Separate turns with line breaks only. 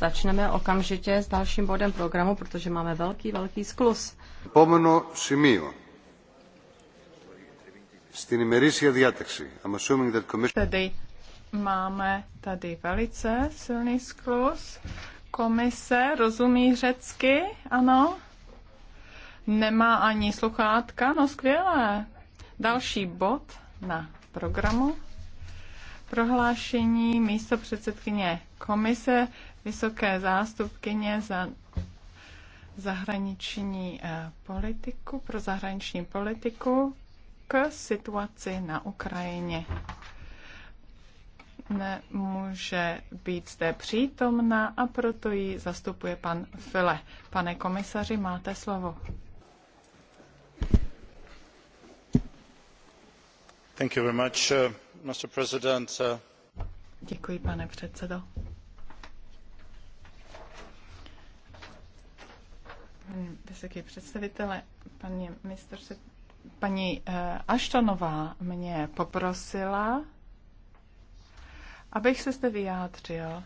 Začneme okamžitě s dalším bodem programu, protože máme velký, velký sklus. Pomeno simio. Στην ημερήσια διάταξη. I'm assuming that commission... Tedy máme tady velice silný sklus. Komise rozumí řecky, ano. Nemá ani sluchátka, no skvělé. Další bod na programu prohlášení místo předsedkyně komise Vysoké zástupkyně za zahraniční eh, politiku, pro zahraniční politiku k situaci na Ukrajině. Nemůže být zde přítomna a proto ji zastupuje pan File. Pane komisaři, máte slovo. Thank you very much. Eh, Mr. Uh, pane předsedo. Vysoký představitele, paní, mistr, paní eh, Ashtonová mě poprosila, abych se zde vyjádřil